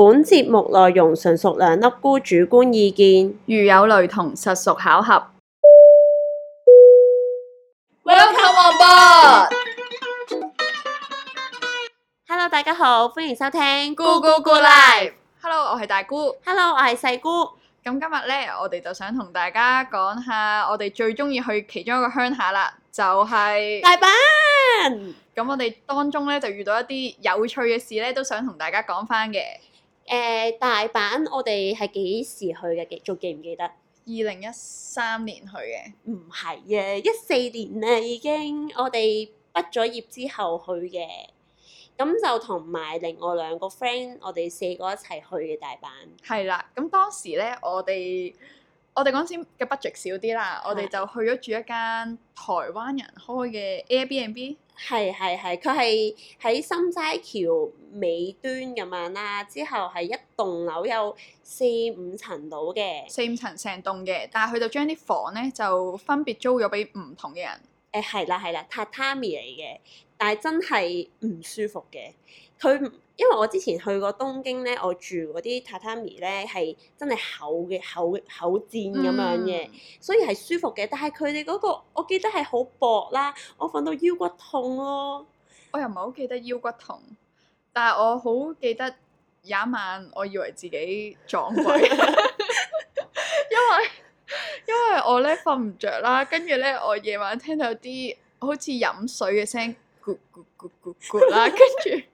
本節目內容純屬兩粒菇主觀意見，如有雷同，實屬巧合。Welcome on board！Hello，大家好，歡迎收聽菇菇菇 live。Hello，我係大姑。Hello，我係細姑。咁今日呢，我哋就想同大家講下我哋最中意去其中一個鄉下啦，就係大阪。咁我哋當中呢就遇到一啲有趣嘅事呢，都想同大家講翻嘅。誒、uh，大阪，我哋係幾時去嘅？記，仲記唔記得？二零一三年去嘅。唔係嘅，一四年咧已經，我哋畢咗業之後去嘅。咁就同埋另外兩個 friend，我哋四個一齊去嘅大阪。係啦，咁當時咧，我哋，我哋嗰陣時嘅 budget 少啲啦，我哋就去咗住一間台灣人開嘅 Airbnb。係係係，佢係喺心齋橋尾端咁樣啦，之後係一棟樓有四五層到嘅。四五層成棟嘅，但係佢就將啲房咧就分別租咗俾唔同嘅人。誒係啦係啦，榻榻米嚟嘅，但係真係唔舒服嘅。佢因為我之前去過東京咧，我住嗰啲榻榻米咧係真係厚嘅、厚厚墊咁樣嘅，嗯、所以係舒服嘅。但係佢哋嗰個我記得係好薄啦，我瞓到腰骨痛咯。我又唔係好記得腰骨痛，但係我好記得有一晚我以為自己撞鬼， 因為因為我咧瞓唔着啦，跟住咧我夜晚聽到啲好似飲水嘅聲，咕咕咕咕咕啦，跟住。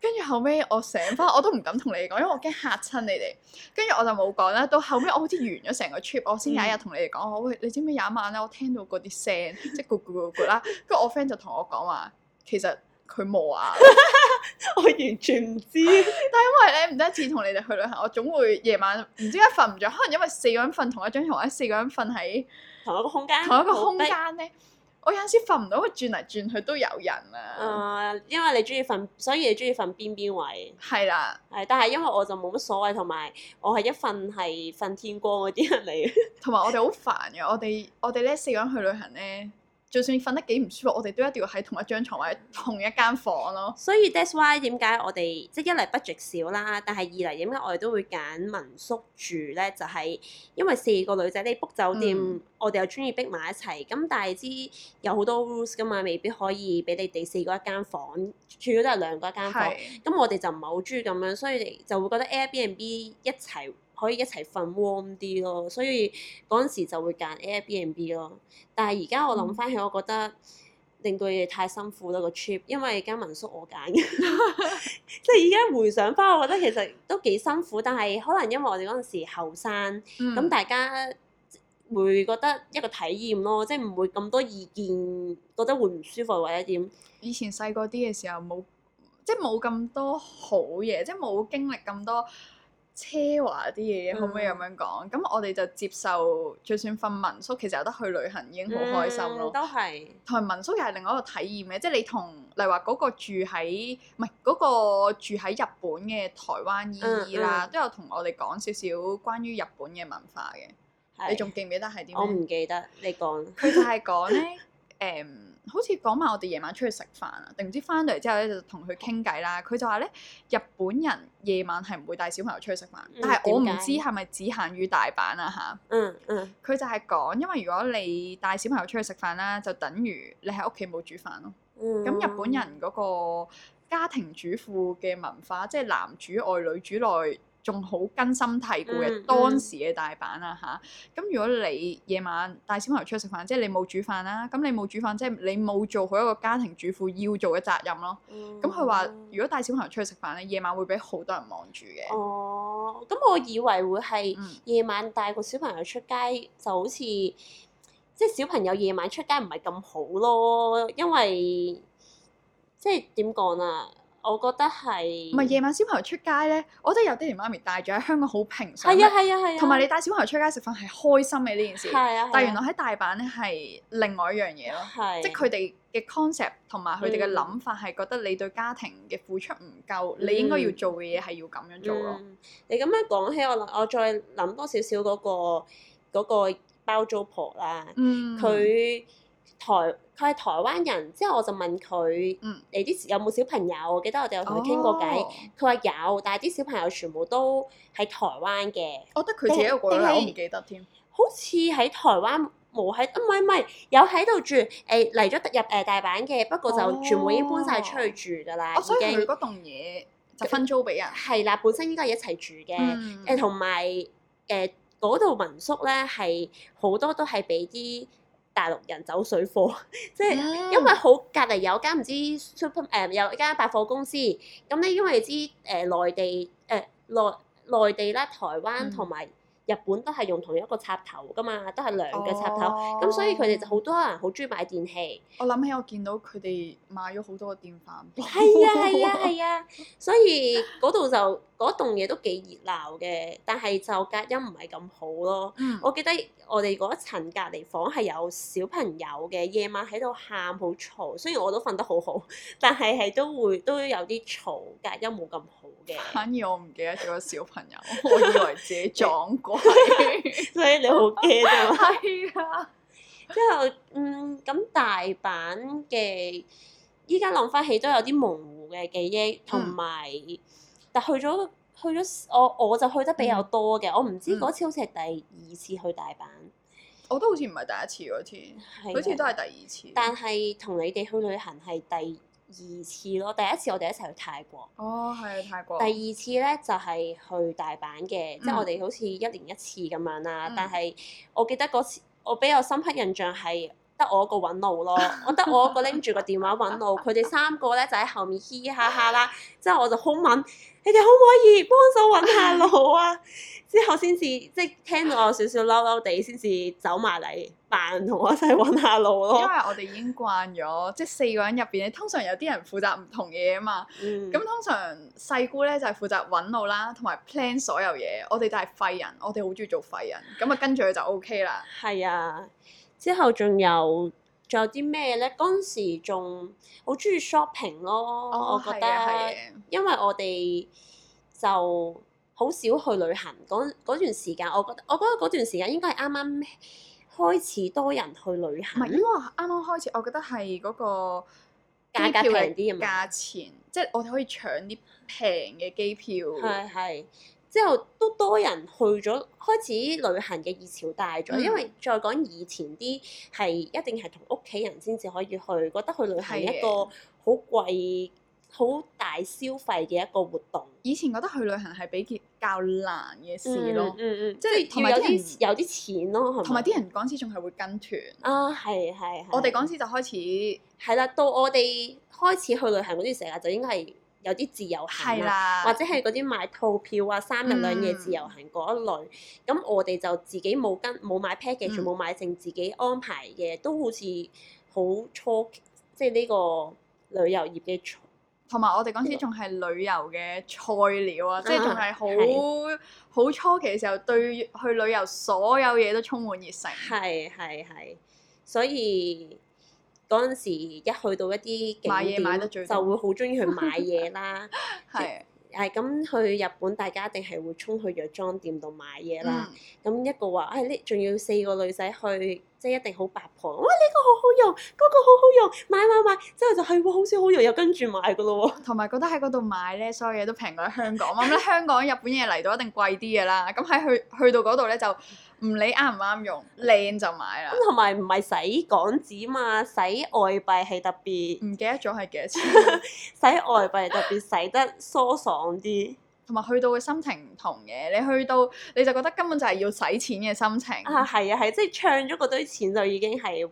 跟住後尾我醒翻，我都唔敢同你講，因為我驚嚇親你哋。跟住我就冇講啦。到後尾我好似完咗成個 trip，我先有一日同你哋講，我、嗯、喂，你知唔知有一晚咧，我聽到嗰啲聲，即咕咕咕咕啦。 跟住我 friend 就同我講話，其實佢冇啊。 我完全唔知。 但係因為咧，唔得一次同你哋去旅行，我總會夜晚唔知點解瞓唔着，可能因為四個人瞓同一張床，或者四個人瞓喺同一個空間同一個空間咧。我有陣時瞓唔到，佢轉嚟轉去都有人啊！誒，uh，因為你中意瞓，所以你中意瞓邊邊位？係啦。係，但係因為我就冇乜所謂，同埋我係一瞓係瞓天光嗰啲人嚟。同 埋我哋好煩嘅，我哋我哋咧四個人去旅行咧。就算瞓得幾唔舒服，我哋都一定要喺同一張床，喺同一間房咯。所以 that's why 點解我哋即係一嚟 budget 少啦，但係二嚟點解我哋都會揀民宿住咧？就係、是、因為四個女仔你 book 酒店，嗯、我哋又中意逼埋一齊。咁但係知有好多 rules 噶嘛，未必可以俾你哋四個一間房，最主要都係兩個一間房。咁是我哋就唔係好中意咁樣，所以就會覺得 Airbnb 一齊。可以一齊瞓 warm 啲咯，所以嗰陣時就會揀 Airbnb 咯。但係而家我諗翻起，我覺得令到你哋太辛苦咯個 trip，因為間民宿我揀嘅，即係而家回想翻，我覺得其實都幾辛苦。但係可能因為我哋嗰陣時後生，咁 大家會覺得一個體驗咯，即係唔會咁多意見，覺得會唔舒服或者點。以前細個啲嘅時候冇，即係冇咁多好嘢，即係冇經歷咁多。奢華啲嘢，可唔可以咁樣講？咁、嗯、我哋就接受，就算瞓民宿，其實有得去旅行已經好開心咯。嗯、都係。同埋民宿又係另外一個體驗嘅，即係你同，例如話嗰個住喺，唔係嗰個住喺日本嘅台灣姨姨啦，嗯嗯、都有同我哋講少少關於日本嘅文化嘅。是你仲記唔記得係啲咩？我唔記得，你講。佢就係講咧，誒。 um, 好似講埋我哋夜晚出去食飯啊，定唔知翻到嚟之後咧就同佢傾偈啦。佢就話咧，日本人夜晚係唔會帶小朋友出去食飯，嗯、但係我唔知係咪只限於大阪啊嚇、嗯。嗯嗯，佢就係講，因為如果你帶小朋友出去食飯啦，就等於你喺屋企冇煮飯咯。咁、嗯、日本人嗰個家庭主婦嘅文化，即、就、係、係、男主外女主內。仲好根深蒂固嘅當時嘅大阪、嗯、啊嚇，咁如果你夜晚帶小朋友出去食飯，即係你冇煮飯啦，咁你冇煮飯，即係你冇做好一個家庭主婦要做嘅責任咯。咁佢話如果帶小朋友出去食飯咧，夜晚會俾好多人望住嘅。哦，咁我以為會係夜晚帶個小朋友出街、嗯，就好似即係小朋友夜晚出街唔係咁好咯，因為即係點講啊？就是我覺得係唔係夜晚小朋友出街咧？我覺得有爹哋媽咪帶住喺香港好平常。係啊係啊係啊！同埋你帶小朋友出街食飯係開心嘅呢件事。係啊！但係原來喺大阪咧係另外一樣嘢咯。係的。即係佢哋嘅 concept 同埋佢哋嘅諗法係覺得你對家庭嘅付出唔夠，的你應該要做嘅嘢係要咁樣做咯。嗯嗯、你咁樣講起我，我再諗多少少嗰個嗰個包租婆啦。嗯。佢。台佢係台灣人，之後我就問佢，誒啲、嗯、有冇小朋友？記得我哋有同佢傾過偈，佢話、哦、有，但係啲小朋友全部都喺台灣嘅。我覺得佢自己一個過嚟，嗯嗯、我唔記得添。好似喺台灣冇喺，唔係唔係有喺度住，誒嚟咗入誒、呃、大阪嘅，不過就全部已經搬晒出去住㗎啦。哦、經所以佢嗰棟嘢就分租俾人。係啦、嗯，本身應該係一齊住嘅，誒同埋誒嗰度民宿咧係好多都係俾啲。大陸人走水貨，即係因為好很、mm. 隔籬有間唔知 super 誒有一間百貨公司，咁咧因為知誒、呃、內地誒、呃、內內地啦，台灣同埋。日本都係用同一個插頭噶嘛，都係兩個插頭，咁、oh. 嗯、所以佢哋就好多人好中意買電器。我諗起我見到佢哋買咗好多個電飯煲。係 啊係啊係啊，所以嗰度就嗰棟嘢都幾熱鬧嘅，但係就隔音唔係咁好咯。嗯、我記得我哋嗰一層隔離房係有小朋友嘅，夜晚喺度喊好嘈，雖然我都瞓得好好，但係係都會都有啲嘈，隔音冇咁好嘅。反而我唔記得咗個小朋友， 我以為自己撞 所以你好驚啫嘛。係啊。之後，嗯，咁大阪嘅依家諗翻起都有啲模糊嘅記憶，同埋、嗯、但去咗去咗，我我就去得比較多嘅。嗯、我唔知嗰、嗯、次好似係第二次去大阪。我都好似唔係第一次嗰次，的好似都係第二次。但係同你哋去旅行係第二次咯，第一次我哋一齊去泰國。哦、係去泰國，第二次咧就係、是、去大阪嘅，嗯、即係我哋好似一年一次咁樣啦、啊。嗯、但係我記得嗰次，我比較深刻印象係得我一個揾路咯， 我得我一個拎住個電話揾路，佢哋 三個咧就喺後面嘻嘻哈哈啦，之後我就好敏。你哋可唔可以幫手揾下路啊？之後先至即係聽到我少少嬲嬲地，先至走埋嚟扮同我一齊揾下路咯。因為我哋已經慣咗，即係四個人入邊，通常有啲人負責唔同嘢啊嘛。咁、嗯、通常細姑咧就係、是、負責揾路啦，同埋 plan 所有嘢。我哋就係廢人，我哋好中意做廢人。咁啊跟住佢就 OK 啦。係啊，之後仲有。仲有啲咩咧？嗰陣時仲好中意 shopping 咯，oh, 我覺得係，因為我哋就好少去旅行。嗰段時間，我覺得我覺得嗰段時間應該係啱啱開始多人去旅行。唔係應該啱啱開始，我覺得係嗰個價，價格平啲，價錢即係、即係、我哋可以搶啲平嘅機票。係，係。之後都多人去咗，開始旅行嘅熱潮大咗。嗯、因為再講以前啲係一定係同屋企人先至可以去，覺得去旅行一個好貴，好的大消費嘅一個活動。以前覺得去旅行係比較難嘅事咯，嗯嗯，嗯即係要及有啲有啲錢咯，同埋啲人嗰陣時仲係會跟團。啊、哦，係係，我哋嗰陣時就開始係啦，到我哋開始去旅行嗰啲時候就應該係。有啲自由行啊，啊或者係嗰啲買套票啊，三日兩夜自由行嗰一類，咁、嗯嗯、我哋就自己冇跟冇買 package，全部買成自己安排嘅，都好似好初即係呢個旅遊業嘅初。同埋我哋嗰時仲係旅遊嘅菜鳥啊，即係仲係好好初期嘅時候，對去旅遊所有嘢都充滿熱誠。係係係，所以。嗰陣時一去到一啲，買嘢買得最就會好鍾意去買嘢啦。係係咁去日本，大家一定係會衝去藥妝店度買嘢啦。咁、嗯、一個話，哎呢，仲要四個女仔去，即係一定好八婆。哇！呢個好好用，嗰個好好用，買買買，買，之後就係喎，好似好用又跟住買㗎咯喎。同埋覺得喺嗰度買咧，所有嘢都平過喺香港。咁咧、 嗯，香港日本嘢嚟到一定貴啲嘅啦。咁喺去去到嗰度咧就。唔理啱唔啱用，靚就買啦。咁同埋唔係使港紙嘛，使外幣係特別。唔記得咗係幾多錢？使 外幣係特別使得疏爽啲，同埋去到嘅心情唔同嘅。你去到你就覺得根本就係要使錢嘅心情。啊，係啊，係，即係唱咗嗰堆錢就已經係，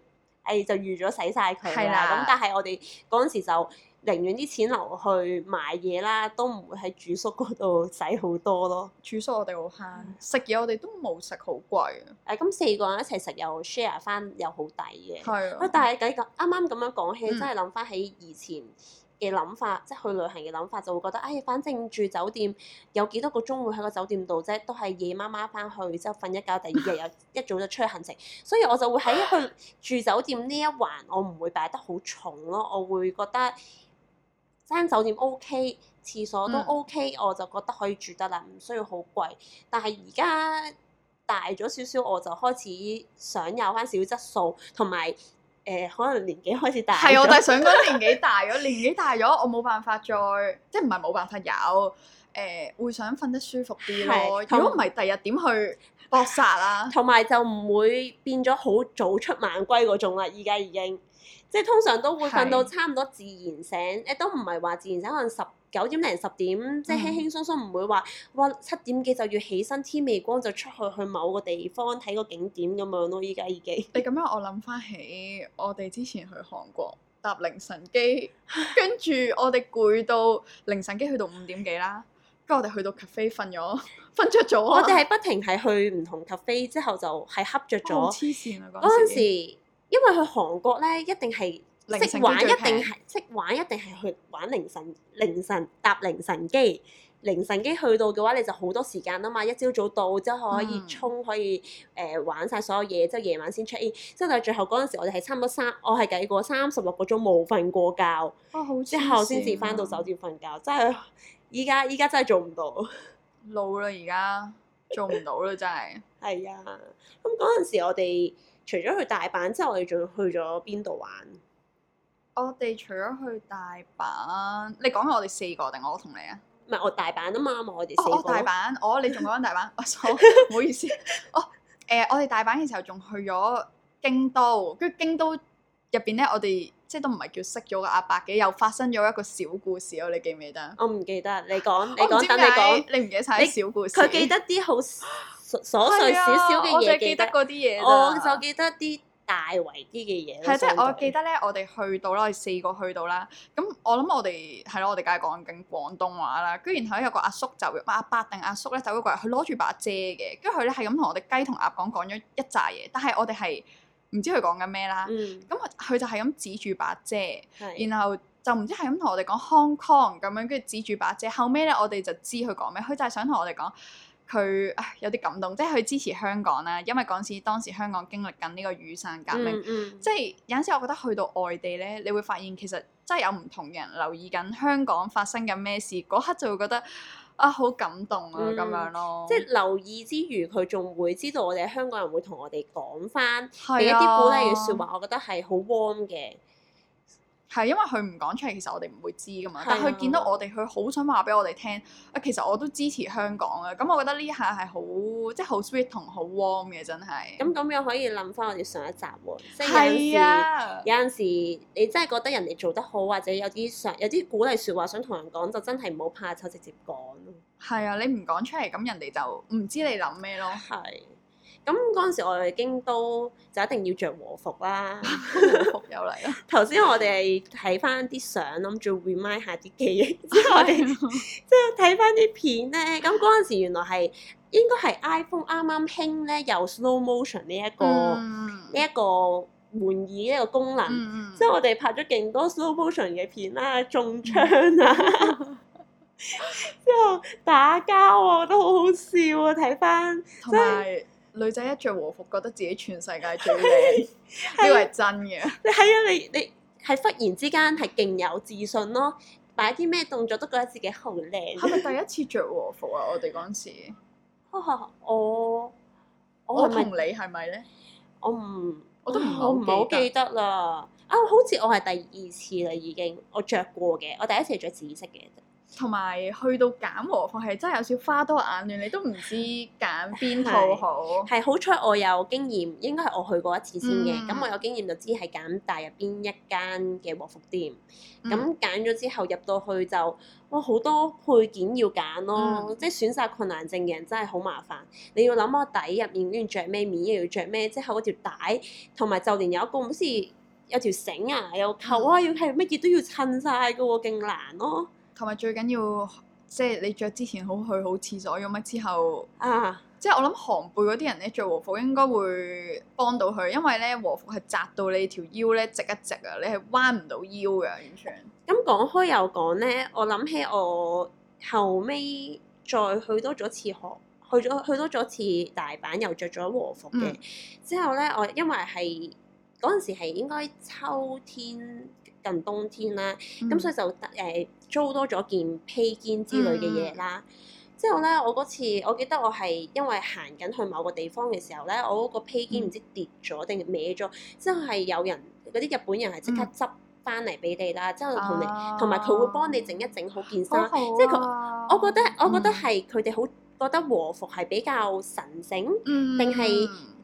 誒就預咗使晒佢係啦。咁但係我哋嗰陣時就，寧願啲錢留去買嘢啦，都唔會喺住宿嗰度使好多咯。住宿我哋好慳，嗯、食嘢我哋都冇食好貴，啊。誒、哎，咁四個人一齊食又 share 翻，又好抵嘅。係啊。但係喺咁啱啱咁樣講起，真係諗翻起以前嘅諗法，嗯、即係去旅行嘅諗法，就會覺得誒、哎，反正住酒店有幾多個鐘會喺個酒店度啫，都係夜媽媽翻去之後瞓一覺，第二日又一早就出去行程。 所以我就會喺去住酒店呢一環，我唔會擺得好重咯，我會覺得。間酒店 O、OK, K，廁所都 O、OK, K，嗯、我就覺得可以住得啦，唔需要好貴。但係而家大咗少少，我就開始想有翻少少質素，同埋誒可能年紀開始大咗。係、嗯， 我就係想講年紀大咗，年紀大咗， 我冇辦法再即係唔係冇辦法有？誒、呃，會想瞓得舒服啲咯。是如果唔係，第、嗯、日點去？搏殺啦、啊，同埋就唔會變咗好早出晚歸嗰種啦，依家已經，即係通常都會瞓到差唔多自然醒，誒都唔係話自然醒，可能十九點零十點，即係輕輕鬆鬆，唔會話哇七點幾就要起身，天未光就出去去某個地方睇個景點咁樣咯，依家已經。你咁樣我諗翻起我哋之前去韓國搭凌晨機，跟住 我哋攰到凌晨機去到五點幾啦。我哋去到 cafe 瞓咗，瞓着咗。我哋係不停係去唔同 cafe，之後就係瞌着咗。黐線啊！嗰陣時，因為去韓國咧，一定係識玩一定係，識玩一定係去玩凌晨、凌晨搭凌晨機、凌晨機去到嘅話，你就好多時間啊嘛！一朝早到之後可以衝、嗯，可以誒、呃、玩晒所有嘢，之後夜晚先 check in。之後但係最後嗰陣時，我哋係差唔多三，我係計過三十六個鐘冇瞓過覺。哦啊、之後先至翻到酒店瞓覺，真係。依家，依家真係做唔到，老啦，而家做唔到啦，真係。係 啊，咁嗰陣時我哋除咗去大阪，之後我哋仲去咗邊度玩？我哋除咗去大阪，你講下我哋四個定我同你啊？唔係我大阪啊嘛，我哋四個。哦、大阪，哦， 你仲講緊大阪？我唔、 哦、好意思， 哦呃、我誒我哋大阪嘅時候仲去咗京都，跟住京都。入邊咧，我哋即係都唔係叫識咗個阿伯嘅，又發生咗一個小故事咯，你記唔記得？我唔記得，你講，你講，等你講，你唔記得晒啲小故事。佢記得啲好瑣碎少少嘅嘢。小小小，我就記得嗰啲嘢，我就記得啲大圍啲嘅嘢。係，即係我記得咧，我哋去到啦，我哋四個去到啦。咁我諗我哋係咯，我哋梗係講緊廣東話啦。居然後咧，有個阿叔就、嗯、阿伯定阿叔咧，走過嚟，佢攞住把遮嘅，跟住佢咧係咁同我哋雞同鴨講講咗一紮嘢，但係我哋係。唔知佢講緊咩啦，咁佢、嗯、就係咁指住把遮，是然後就唔知係咁同我哋講 Hong Kong 咁樣，跟住指住把遮。後尾咧，我哋就知佢講咩，佢就係想同我哋講佢啊有啲感動，即係佢支持香港啦。因為嗰陣時當時香港經歷緊呢個雨傘革命，即係、嗯嗯就是、有陣時我覺得去到外地咧，你會發現其實真係有唔同人留意緊香港發生緊咩事，嗰刻就會覺得。啊，好感動啊，咁、嗯、樣咯，即係留意之餘，佢仲會知道我哋香港人會同我哋講翻俾一啲鼓勵嘅説話，我覺得係好 warm 嘅。係因為佢唔講出嚟，其實我哋唔會知噶嘛。啊、但係佢見到我哋，佢好想話俾我哋聽。啊，其實我都支持香港啊！咁我覺得呢下係好，即係好 sweet 同好 warm 嘅，真係。咁咁樣可以諗翻我哋上一集喎、哦，啊、即係有陣時，有陣時你真係覺得人哋做得好，或者有啲想有啲鼓勵説話想同人講，就真係唔好怕醜，直接講。係啊，你唔講出嚟，咁人哋就唔知你諗咩咯。係。咁嗰陣時我哋京都就一定要着和服啦，和服又嚟啦！頭先我哋睇翻啲相諗住 remind 下啲記憶之 後我哋，即係睇翻啲片咧。咁嗰陣時原來係應該係 iPhone 啱啱興咧，有 slow motion 呢、這個嗯、一個呢一個玩意呢個功能。即係、嗯、我哋拍咗勁多 slow motion 嘅片啦、啊，中槍啊！之 後打交啊，覺得好好笑啊！睇翻真係。有 女仔一着和服，覺得自己全世界最靚，呢個係真嘅。你係啊，你你係忽然之間係勁有自信咯，擺啲咩動作都覺得自己好靚。係 咪第一次着和服啊？我哋嗰陣時， 我我同你係咪咧？我唔我，我，唔我都唔好唔好記得啦。得啊，好似我係第二次啦已經，我着過嘅，我第一次係著紫色嘅。同埋去到揀和服係真係有少少花多眼亂，你都唔知揀邊套好。係好彩我有經驗，應該係我去過一次先嘅。咁我有經驗就知係揀大入邊一間嘅和服店。咁揀咗之後入到去，就哇，好多配件要揀咯，即係選擇困難症嘅人真係好麻煩。你要諗下底入面要着咩面，又要着咩之後嗰條帶，同埋就連有一個好似有條繩啊，有扣啊，要係乜嘢都要襯晒㗎喎，勁難咯～同埋最緊要，即係你着之前好去好廁所咁啊！之後，啊，即係我諗寒背嗰啲人咧，着和服應該會幫到佢，因為咧和服係扎到你條腰咧，直一直啊，你係彎唔到腰嘅完全。咁講開又講咧，我諗起我後尾再去多咗次學，去咗去多咗次大阪，又着咗和服嘅。嗯、之後咧，我因為係嗰陣時係應該秋天近冬天啦，咁所以就得誒。嗯租多咗件披肩之類嘅嘢啦，之後咧，我嗰次我記得我係因為行緊去某個地方嘅時候咧，我嗰個披肩唔知跌咗定歪咗，之後係有人嗰啲日本人係即刻執翻嚟俾你啦。之後同你同埋佢會幫你整一整好件衫，即係佢。我覺得我覺得係佢哋好覺得和服係比較神聖，定係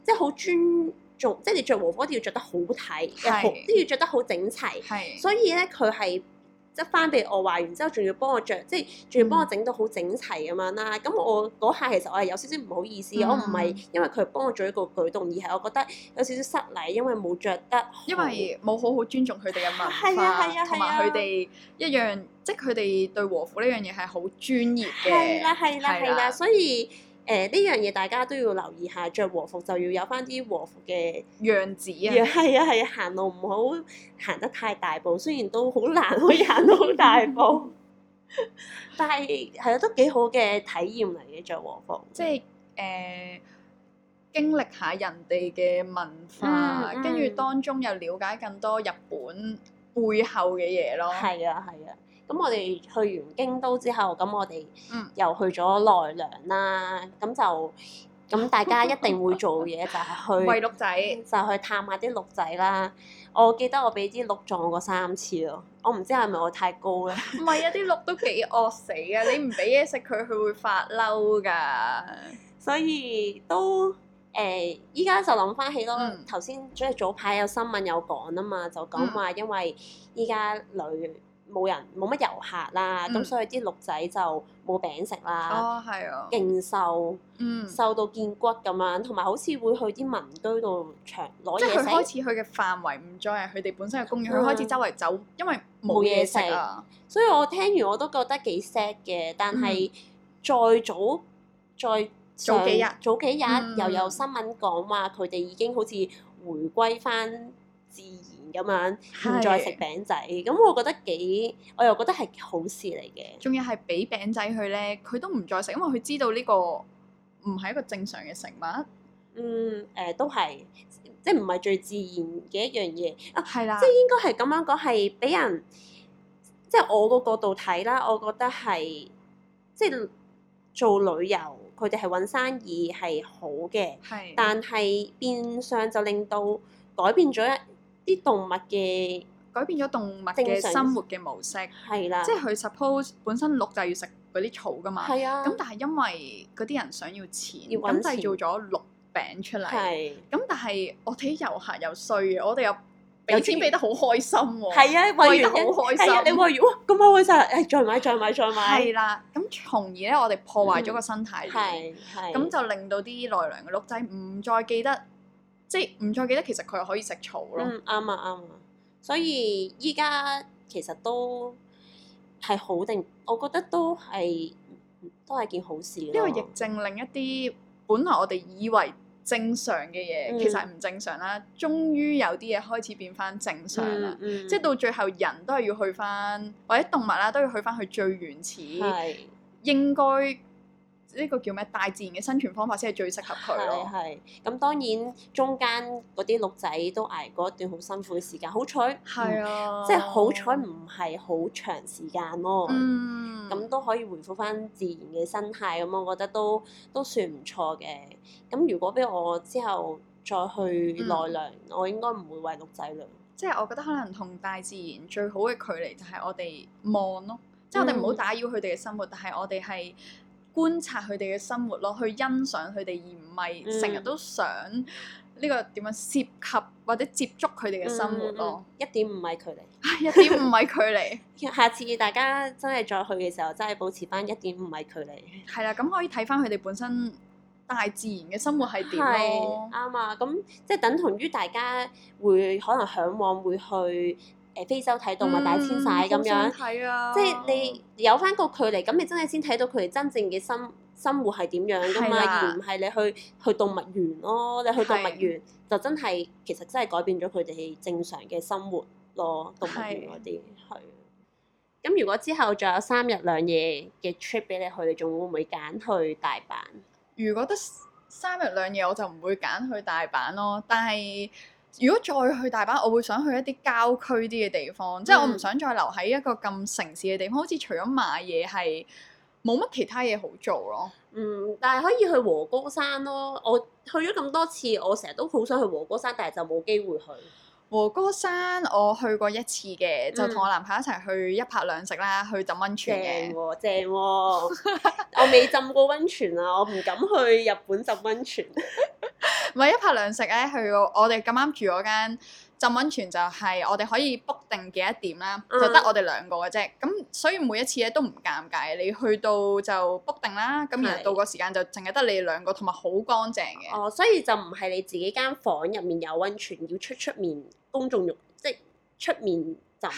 即係好尊重，即係你着和服都要着得好睇，即係要着得好整齊。所以咧佢係。即翻俾我話完之後，仲要幫我着，即係仲要幫我整到好整齊咁樣啦。咁我嗰下其實我係有少少唔好意思，嗯、我唔係因為佢幫我做一個舉動，而係我覺得有少少失禮，因為冇着得，因為冇好好尊重佢哋嘅文化，係啊，同埋佢哋一樣，即係佢哋對和服呢樣嘢係好專業嘅，係啦係啦係啦，所以。誒呢樣嘢大家都要留意下，着和服就要有翻啲和服嘅樣子啊！係啊係啊，行路唔好行得太大步，雖然都好難可以 行到好大步，但係係啊，都幾好嘅體驗嚟嘅着和服，即係誒、呃、經歷下人哋嘅文化，跟住、嗯、當中又了解更多日本背後嘅嘢咯。係啊係啊。咁我哋去完京都之後，咁我哋又去咗奈良啦。咁、嗯、就咁大家一定會做嘢， 就係去餵鹿仔，嗯、就去探下啲鹿仔啦。我記得我俾啲鹿撞過三次咯。我唔知係咪我太高咧？唔係 啊！啲鹿都幾惡死啊！ 你唔俾嘢食佢，佢會發嬲㗎。所以都誒，依、呃、家就諗翻起咯。頭先即係早排有新聞有講啊嘛，就講話因為依家女。冇人冇乜遊客啦，咁、嗯、所以啲鹿仔就冇餅食啦，哦，係啊，勁瘦，嗯、瘦到見骨咁樣，同埋好似會去啲民居度搶攞嘢食。開始佢嘅範圍唔再係佢哋本身嘅公園，佢、嗯、開始周圍走，因為冇嘢食，所以我聽完我都覺得幾 sad 嘅，但係、嗯、再早再早幾日早幾日又有新聞講話，佢哋已經好似回歸翻自然。咁樣唔再食餅仔，咁我覺得幾，我又覺得係好事嚟嘅。仲要係俾餅仔佢咧，佢都唔再食，因為佢知道呢個唔係一個正常嘅食物。嗯，誒、呃、都係，即係唔係最自然嘅一樣嘢啊？係啦，即係應該係咁樣講，係俾人，即係我個角度睇啦，我覺得係即係做旅遊，佢哋係搵生意係好嘅，係是，但係變相就令到改變咗一。啲動物嘅改變咗動物嘅生活嘅模式，係啦，即係佢 suppose 本身鹿就要食嗰啲草噶嘛，咁但係因為嗰啲人想要錢，咁製造咗鹿餅出嚟，咁但係我睇啲遊客又衰嘅，我哋又俾錢俾得好開心喎，係啊，餵完好開心，你餵完咁開心曬，誒再買再買再買，係啦，咁從而咧我哋破壞咗個生態，係咁就令到啲奈良嘅鹿仔唔再記得。即係唔再記得其實佢可以食草咯。啱、嗯、啊啱啊，所以依家其實都係好定，我覺得都係都係件好事咯。因為疫症令一啲本來我哋以為正常嘅嘢，其實係唔正常啦。終於、嗯、有啲嘢開始變翻正常啦，嗯嗯、即係到最後人都係要去翻，或者動物啦、啊、都要去翻去最原始是應該。呢個叫咩？大自然嘅生存方法先係最適合佢。係係。咁當然中間嗰啲鹿仔都捱過一段好辛苦嘅時間，好彩。係啊。嗯、即係好彩，唔係好長時間咯、哦。嗯。咁都可以回復翻自然嘅生態，咁我覺得都都算唔錯嘅。咁如果俾我之後再去奈良，嗯、我應該唔會餵鹿仔糧。即係我覺得可能同大自然最好嘅距離就係我哋望咯，即係我哋唔好打擾佢哋嘅生活，嗯、但係我哋係。觀察佢哋嘅生活咯，去欣賞佢哋，而唔係成日都想呢、這個點樣涉及或者接觸佢哋嘅生活咯。一點五米距離，唉，一點五米距離。下次大家真係再去嘅時候，真係保持翻一點五米距離。係啦， 咁可以睇翻佢哋本身大自然嘅生活係點咯。啱啊，咁即係等同於大家會可能向往會去。非洲睇動物大遷徙咁樣，啊、即係你有翻個距離，咁你真係先睇到佢哋真正嘅生生活係點樣噶嘛？的而唔係你去去動物園咯，你去動物園的就真係其實真係改變咗佢哋正常嘅生活咯，動物園嗰啲係。咁的如果之後仲有三日兩夜嘅 trip 俾你去，你仲會唔會揀去大阪？如果得三日兩夜，我就唔會揀去大阪咯。但係。如果再去大阪，我會想去一啲郊區啲嘅地方，即係我唔想再留喺一個咁城市嘅地方，好似除咗買嘢係冇乜其他嘢好做咯。嗯，但係可以去和歌山咯，我去咗咁多次，我成日都好想去和歌山，但係就冇機會去。和歌山我去過一次嘅，嗯、就同我男朋友一齊去一泊兩食啦，去浸溫泉嘅、哦。正喎、哦， 我未浸過溫泉啊，我唔敢去日本浸溫泉。唔 係一泊兩食咧、啊，去過我我哋咁啱住嗰間。浸温泉就係我哋可以 book 定幾多點啦，嗯、就得我哋兩個嘅啫。咁所以每一次咧都唔尷尬，你去到就 book 定啦，咁然後到個時間就淨係得你哋兩個，同埋好乾淨嘅。哦，所以就唔係你自己間房入面有温泉，要出出面公眾浴，即係出面浸。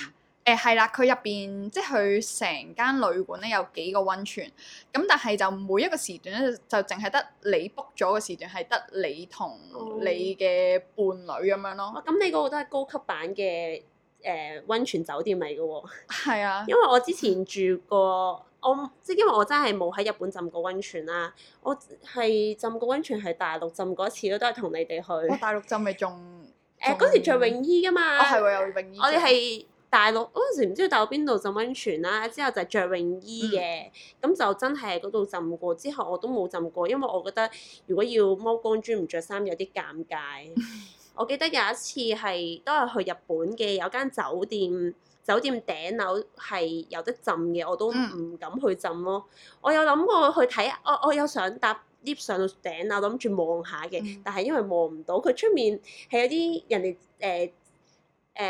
誒係啦，佢入邊即係佢成間旅館咧有幾個温泉，咁但係就每一個時段咧就淨係得你 book 咗個時段係得你同你嘅伴侶咁樣咯。咁、哦、你嗰個都係高級版嘅誒温泉酒店嚟嘅喎。係啊。因為我之前住過，我即係因為我真係冇喺日本浸過温泉啦。我係浸過温泉係大陸浸嗰次都係同你哋去、哦。大陸浸咪仲？誒嗰、呃、時著泳衣噶嘛。哦係有泳衣。我哋係。大陸嗰陣時唔知道大陸邊度浸温泉啦，之後就着泳衣嘅，咁、嗯、就真係嗰度浸過。之後我都冇浸過，因為我覺得如果要剝光豬唔着衫有啲尷尬。嗯、我記得有一次係都係去日本嘅，有間酒店，酒店頂樓係有得浸嘅，我都唔敢去浸咯。我有諗過去睇，我我有想搭 lift 上到頂樓諗住望下嘅，但係因為望唔到，佢出面係有啲人哋誒。呃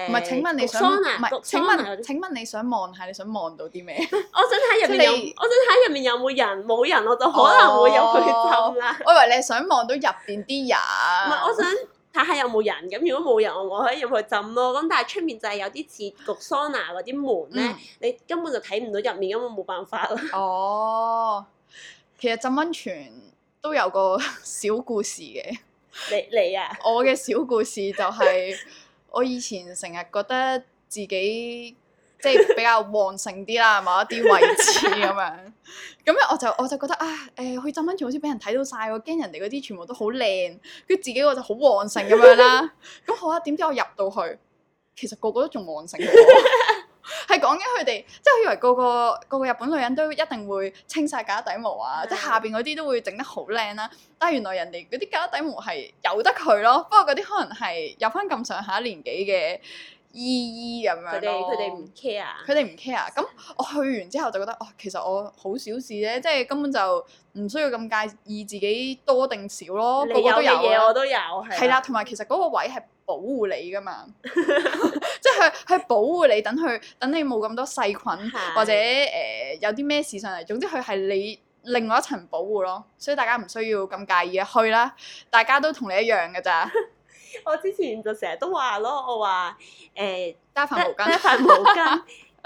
唔係，請問你想焗桑拿？唔係，請問請問你想望下？你想望到啲咩？ 我想睇入面， 我想睇入面有冇人，冇人我就可能會入去浸啦、哦。我以為你想望到入邊啲人。唔係，我想睇下有冇人。咁如果冇人，我可以入去浸咯。咁但係出面就係有啲似焗桑拿嗰啲門咧，嗯、你根本就睇唔到入面，根本冇辦法啦。哦，其實浸温泉都有個小故事嘅。你你啊？我嘅小故事就係、是。 我以前成日覺得自己即係比較旺盛啲啦，某一啲位置咁樣。咁咧我就我就覺得啊，誒、呃、去浸温泉好似俾人睇到晒喎，驚人哋嗰啲全部都好靚，跟住自己我就好旺盛咁樣啦。咁好啊，點知我入到去，其實個個都仲旺盛。 係講緊佢哋，即係以為個個個個日本女人都一定會清晒胳肋底毛啊！的即係下邊嗰啲都會整得好靚啦。但係原來人哋嗰啲胳肋底毛係由得佢咯。不過嗰啲可能係有翻咁上下年紀嘅姨姨咁樣，佢哋佢哋唔 care。佢哋唔 care 的。咁我去完之後就覺得，哦，其實我好小事啫，即係根本就唔需要咁介意自己多定少咯。個個都有嘢，我都有係、啊。係啦，同埋其實嗰個位係保護你噶嘛。 去去保護你，等佢等你冇咁多細菌，的或者誒、呃、有啲咩事上嚟。總之佢係你另外一層保護咯。所以大家唔需要咁介意啊，去啦！大家都同你一樣㗎咋。我之前就成日都話咯，我話誒加份毛巾，加 份毛巾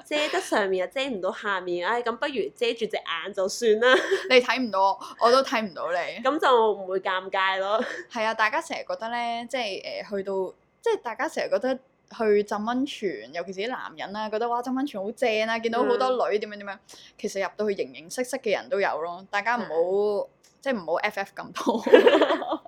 遮得上面又遮唔到下面，唉、哎，咁不如遮住隻眼就算啦。 你睇唔到我，我都睇唔到你。咁 就唔會尷尬咯。係啊，大家成日覺得咧，即係誒去到，即係大家成日覺得，去浸溫泉，尤其是啲男人啦，覺得哇浸溫泉好正啊。見到好多女點樣點樣。其實入到去形形色色嘅人都有咯，大家唔好的即係唔好 FF 咁多。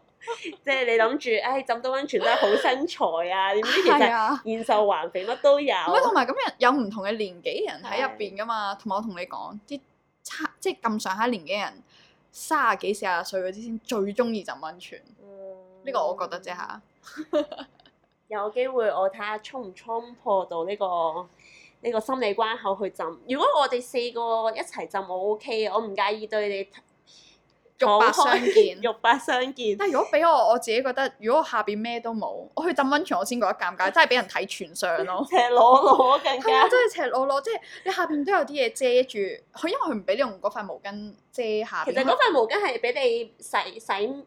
即係你諗住，唉，浸到溫泉都係好身材啊！點 知其實燕瘦環肥乜都有。同埋咁樣有唔同嘅年紀人喺入邊噶嘛，同埋的我同你講啲差即係咁上下年紀人，三啊幾四啊歲嗰啲先最中意浸溫泉。呢個我覺得啫嚇。 有機會我睇下衝唔衝破到呢個呢個心理關口去浸。如果我哋四個一齊浸，我 OK 嘅，我唔介意對你哋肉帛相見。 肉帛相見。但係如果俾我，我自己覺得，如果我下邊咩都冇，我去浸温泉，我先覺得尷尬， 真係俾人睇全相咯。赤裸裸更加。係啊，真係赤裸裸，即係你下邊都有啲嘢遮住。佢因為佢唔俾你用嗰塊毛巾遮下。其實嗰塊毛巾係俾你洗洗。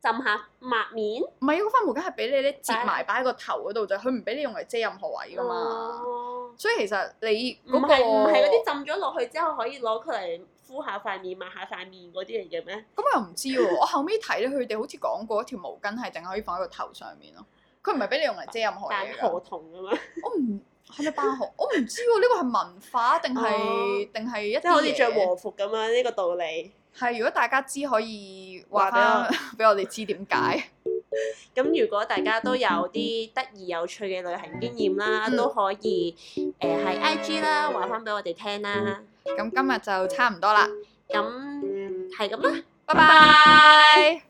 浸下抹面？唔係啊，嗰塊毛巾係俾你咧折埋擺喺個頭嗰度，就佢唔俾你用嚟遮任何位噶嘛。哦、所以其實你咁計，唔係嗰啲浸咗落去之後可以攞佢嚟敷下塊面抹下塊面嗰啲嚟嘅咩？咁我又唔知喎、啊，我後尾睇咧，佢哋 好似講過一條毛巾係淨係可以放喺個頭上面咯。佢唔係俾你用嚟遮任何位嘅。間河童啊、哦、嘛！我唔係咪班河？我唔知喎，呢個係文化定係定係一啲嘢？即係好似着和服咁樣呢個道理。係，如果大家知可以話翻俾我哋 知點解？咁 如果大家都有啲得意有趣嘅旅行經驗啦，嗯、都可以誒喺、呃、IG 啦話翻俾我哋聽啦。咁今日就差唔多、嗯、啦，咁係咁啦，拜拜。